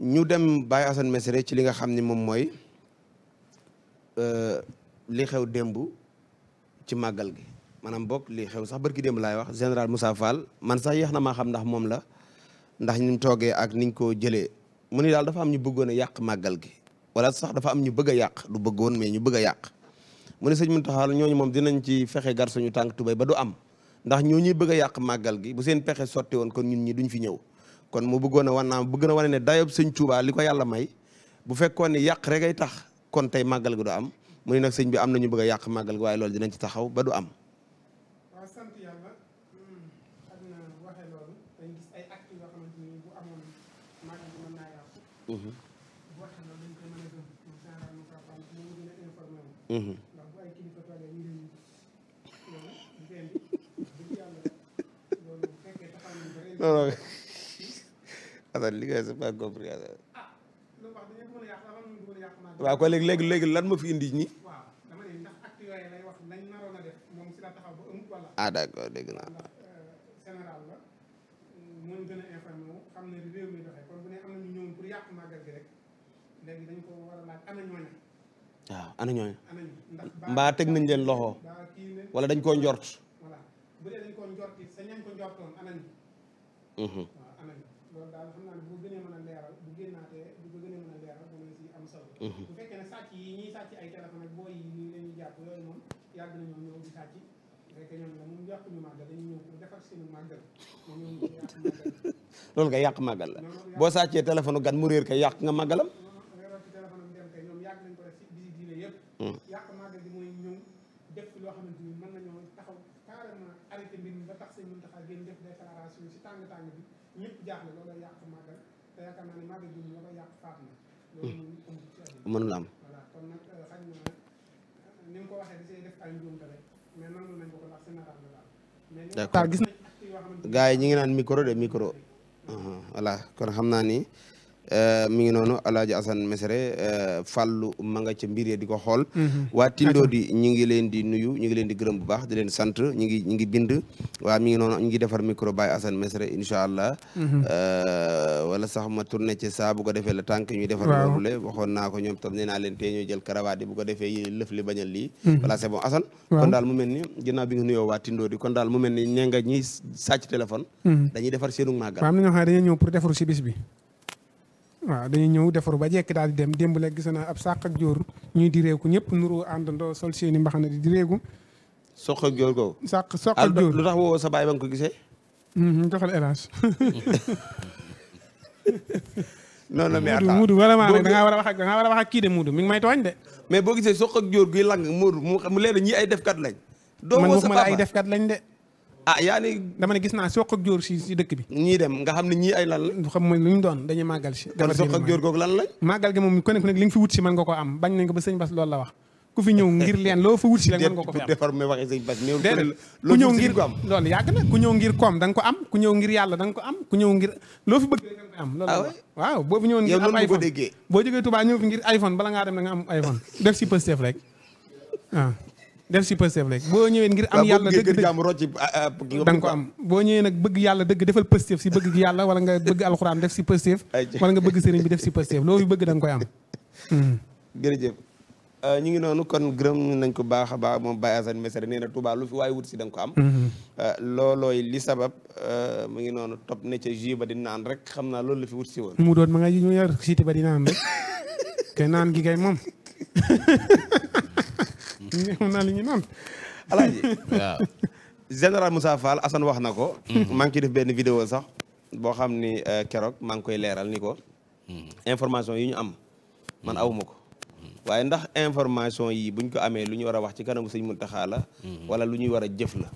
ñu dem Baye Assane Mesere ci li nga xam ni moom mooy euh, li xew démb ci màggal gi maanaam bokk li xew sax barki demb laay wax général Moussa Fall man sax yéex na maa xam ndax moom la ndax ñu toogee ak niñ ko jëlee mu ni daal dafa am ñu bëggoon a yàq màggal gi wala sax dafa am ñu bëgg yàq du bëggoon mais ñu bëgg a yàq mu ne sëñ Mountakha ñooñu moom dinañ ci fexe gar suñu tànk tubay ba du am ndax ñoo ñuy bëgg a yàq màggal gi bu seen pexe sotti woon kon ñun ñi duñ fi ñëw kon mu bëggoon a wan naa bëgg na wane ne dayob sëñ Tuubaa li ko yàlla may bu fekkoon ni yàq rek ay tax kon tey màggal gi du am mu ne nag sëñ bi am na ñu bëgg a yàq màggal gi waaye dinañ ci taxaw ba du am. Assane li ah, waaw léegi lan ma fi ñi. ah d'accord dégg euh, ana ñooñu ah, mbaa teg nañ leen loxo wala dañ koo njort. bu dañ koo njort sa ñañ ko njortoon Mhm. bu fekkee ne la nga yàq màggal la boo sàccee téléphone gan mu réer kay yàq nga màggalam ci mm. yàq màggal mooy ñëw def ci loo xamante ni mën nañoo taxaw carrément arrêté mbir mi ba tax seen Muntaxa génn def déclaration si tàng tàng bi ñëpp jaaxle loolu yàq màggal te yaakaar naa ne màggal bi la ko yàq faat na Hmm. mënul am d'accord gars yi ñu ngi naan micro de micro voilà kon xam naa ni Euh, mi ngi noonu Alaaji Asan Mesere euh, fàllu ma nga ca mbir di ko xool mhm. waa Tindo di ñu ngi leen di nuyu ñu ngi leen di gërëm bu baax di leen sant ñu ngi ñu ngi bind waa mi ngi noonu ngi defar micro baay Asan Mesere incha allah mhm. euh, wala sax ma tourné ci saa bu ko defee la tànk ñuy defar loolu waxoon naa ko ñoom ta nee naa leen tee ñuy jël karawaat yi defee yi lëf li bañal lii mhm. voilà c'est kon daal mu mel ni ginnaaw bi nga nuyoo waa kon daal mu mel ni nee nga ñiy sàcc téléphone dañuy defar seenu waaw dañuy ñëw defaru ba jekk daal di dem démb la gis naa ab sàq ak jóor ñuy direeku ñëpp nuru àndandoo sol seeni mbaxana di direeku. soq ak jóor googu. sàq soq jóor lu tax woo sa baay ba nga ko gisee. Mm-hmm, joxal élage. non non da a a wax ak kii mi may tooñ de. mais boo gisee soq ak jóor guy lang Moodu mu leer ñii ay defkat lañ. doo woo sa papa man waxuma la ay defkat lañ de. ah yaa ni dama ne gis naa soq ak jóor si dëkk bi ñii dem nga xam ne ñii ay lan la xam mooy lu ñu doon dañuy màggal si kon soq ak jóor googu la màggal gi moom ku nekk nag li nga fi wut si mën nga ko am bañ nañ ko ba sëñ Bass loolu la wax ku fi ñëw ngir leen loo fa wut ko fi am déformé ku ñëw ngir ko am loolu yàgg na ku ñëw ngir koom da nga ko am ku ñëw ngir yàlla da ko am ku ñëw ngir loo fi bëgg da nga am loolu ah waaw boo fi ñëwoon ngir am iPhone boo jógee tubaa ñëw fi ngir iPhone bala ngaa dem da nga am iPhone def si Pastef rek waaw ah. def si pësteef rek boo ñëwee ngir am yàlla dëgg ah, ah, boo ñëwee nag bëgg yàlla dëgg defal pësteef si bëgg yàlla wala nga bëgg alxuraan def si pësteef wala nga bëgg sëriñ bi def si pësteef loo fi bëgg da koy am hmm. euh, ñu ngi noonu kon gërëm nañ ko baax a baax moom Baye Assane Mesere nee na Touba waaye wut si da nga ko am hmm. euh, loolooy li sabab euh, mu ngi noonu topp ne ca ju ba di naan rek xam naa loolu la fi wut si woon mu doon ma ñu yor siti kay naan gi kay moom xam naa li ñu naan alaaji général Moussa Fall Assane wax na ko mhm. maa ngi ci def benn vidéo sax boo xam ni euh, keroog maa ngi koy leeral ni ko mhm. information yi ñu am man mhm. awuma ko waaye ndax information yi buñ ko amee lu ñu war a wax ci kanamu sëñ mun Muntaxa la wala lu ñuy war a jëf la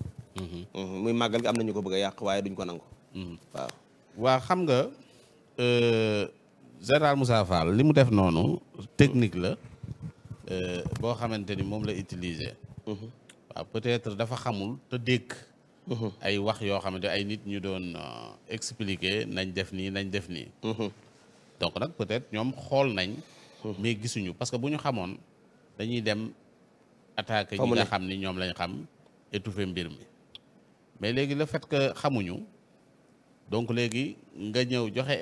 muy màggal gi am nañu ko bëgg yàq waaye duñ ko nangu waaw waa xam nga euh, général Moussa Fall li mu def noonu technique la Euh, boo xamante ni moom la utiliser. Mhm. waaw peut-être dafa xamul te dégg. Mhm. ay wax yoo xamante ay nit ñu doon euh, expliquer nañ def nii nañ def nii. Mhm. donc nag peut-être ñoom xool nañ. mais gisuñu parce que bu ñu xamoon dañuy dem attaquer ñi nga xam ni ñoom lañ xam étouffer mbir mi mais léegi la fait que xamuñu donc léegi nga ñëw joxe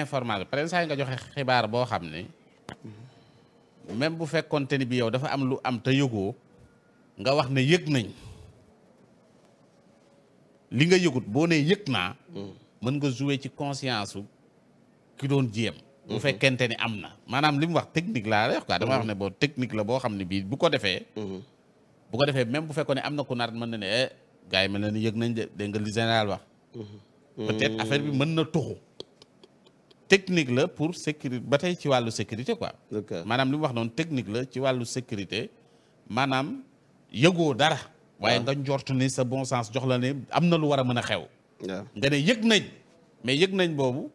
information par exemple nga joxe xibaar boo xam ni même bu fekkoonte ni bi yow dafa am lu am te yëgoo nga wax ne yëg nañ li nga yëgut boo nee yëg naa mën nga jouer ci conscience su ki doon jéem bu mhm. fekkente ni am na maanaam li mu wax technique laa lay wax quoi dama wax mhm. ne boo technique la boo xam ne bii bu ko defee mhm. bu ko defee même bu fekkoon ne am na ku nar mën na ne gaa eh, gars yi mel na ni yëg nañ de dégg nga li général wax peut-être affaire bi mën na tuxu technique la pour sécurité ba tey ci wàllu sécurité quoi. maanaam li wax noonu technique la ci wàllu sécurité maanaam yëgoo dara. waaye nga njort ni sa bon sens jox la ne am na lu war a mën a xew. nga ne yëg nañ mais yëg nañ boobu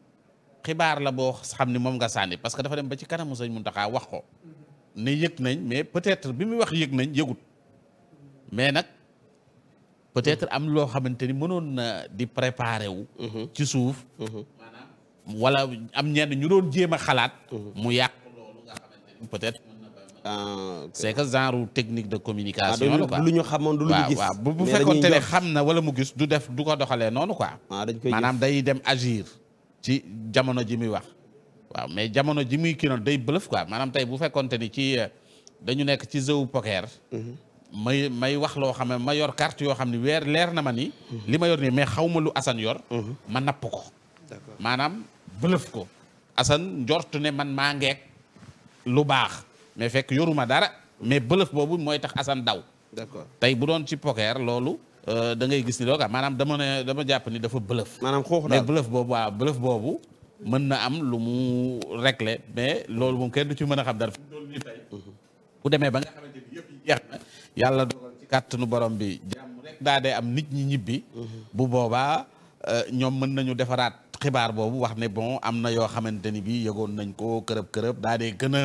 xibaar la boo xam ni moom nga sànni parce que dafa dem ba ci kanamu sañ sëñ Mountakha wax ko. ne yëg nañ mais peut-être bi muy wax yëg nañ yëgut mais nag. peut-être am loo xamante ni mënoon na di préparer wu. Mm-hmm. ci suuf. Mm-hmm. wala am ñenn ñu doon jéem a xalaat. Mhm. mu yàq loolu nga xamante ni peut-être. Ah, c'est que genre technique de communication. Ah, la lu ñu xamoon du lu ñu gis. waaw bu fekkoon te xam na wala mu gis du def du ko doxalee noonu quoi. Ah, maanaam day dem agir ci jamono ji muy wax. waaw mais jamono ji muy kii day bëlëf quoi maanaam tey bu fekkoonte ni ci euh, dañu nekk ci jeu poker. Mhm. may may wax loo xam ne ma yor carte yoo xam ne weer leer na ma ni. Mhm. li ma yor nii mais xaw ma lu Assane yor. ma napp ko. maanaam bëlëf ko Assane njort ne man maa ngeek lu baax mais fekk yoruma dara mais bëlëf boobu mooy tax Assane daw. d'accord tey bu doon ci poker loolu. Euh, da ngay gis ni loo xam maanaam dama dama jàpp ni dafa bëlëf. maanaam xoox daal boobu waaw bëlëf boobu mën na am lu mu régler mais loolu moom kenn du ci mën a xam dara. Mhm. demee ba nga kàttanu borom bi jàmm am nit ñi ñibbi. Mhm. bu boobaa euh, ñoom mën nañu defaraat. xibaar boobu wax ne bon am na yoo xamante ni bii yëgoon nañ ko kërëb kërëb daa dee gën a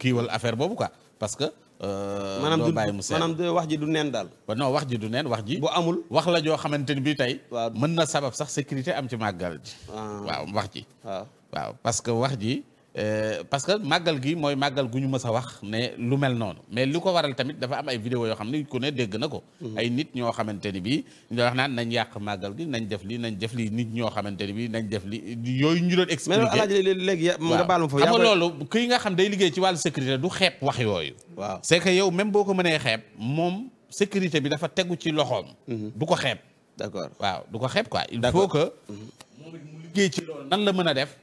kiiwal affaire boobu quoi parce que. Euh, doo bàyyi mu seet maanaam du wax ji du neen daal. non wax ji du neen wax ji. bu amul wax la joo xamante ni bii tey. waaw mën na sabab sax sécurité am ci màggal ji. Ah. waaw wax ji. Ah. waaw parce que wax ji. Euh, parce que màggal gi mooy màggal gu ñu mës a wax ne lu mel noonu mais lu ko waral tamit dafa am ay vidéo yoo xam ne ku ne dégg na ko. Mhm. ay nit ñoo xamante ni bii ñu naan nañ yàq màggal gi nañ def lii nañ def lii nit ñoo xamante ni bii nañ def lii yooyu ñu doon expliqué. mais loolu alaaji léegi nga baal ma foofu. xam nga loolu kuy nga xam day liggéey ci wàllu sécurité du xeeb wax yooyu. waaw c'est que yow même boo ko mënee xeeb moom sécurité bi dafa tegu ci loxoom. Mhm. du ko xeeb. d'accord waaw du ko xeeb quoi. il faut que. Mhm. moom it mu liggéey ci loolu nan la mën a def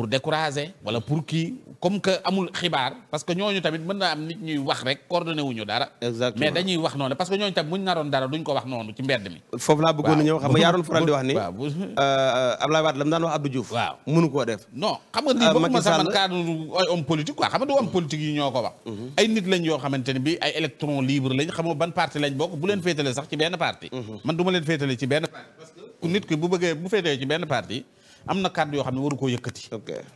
pour décourager wala pour kii comme que amul xibaar parce que ñooñu tamit mën na am nit ñuy wax rek coordonné dara. mais dañuy wax noonu parce que ñooñu tamit muñ naroon dara duñ ko wax noonu ci mbedd mi. foofu laa bëggoon a ñëw xam yaa euh, euh, euh, mhm. nit lañ yoo xamante ne bi ay électron libre lañ xamoo ban parti lañ bokk bu leen féetale sax ci benn parti. Mhm. man du leen féetale ci benn parti nit ki bu bëggee bu féetale ci benn parti am na kàddu yoo xam ne waru koo yëkkati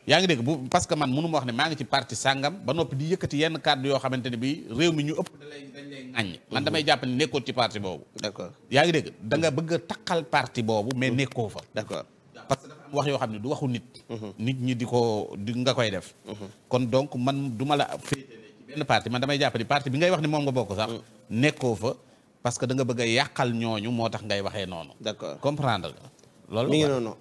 yaa ngi dégg bu parce que man mënu ma wax ne maa ngi ci parti sàngam ba noppi di yëkkati yenn kàddu yoo xamante ne bi réew mi ñu ëpp dañ lay man mhm. damay jàpp ne nekkoon ci parti boobu d'accord yaa ngi da nga bëgg a taqal parti boobu mais mhm. nekkoo fa d'accord parce que dafa am wax yoo xam ne du waxu nit mhm. nit ñi di ko di nga koy def kon donc man du la féetale ci benn parti man damay jàpp ni bi ngay wax ni moom nga bokk sax nekkoo fa parce que da bëgg a yàqal ñooñu moo tax ngay waxee noonu d'accord comprendre loolu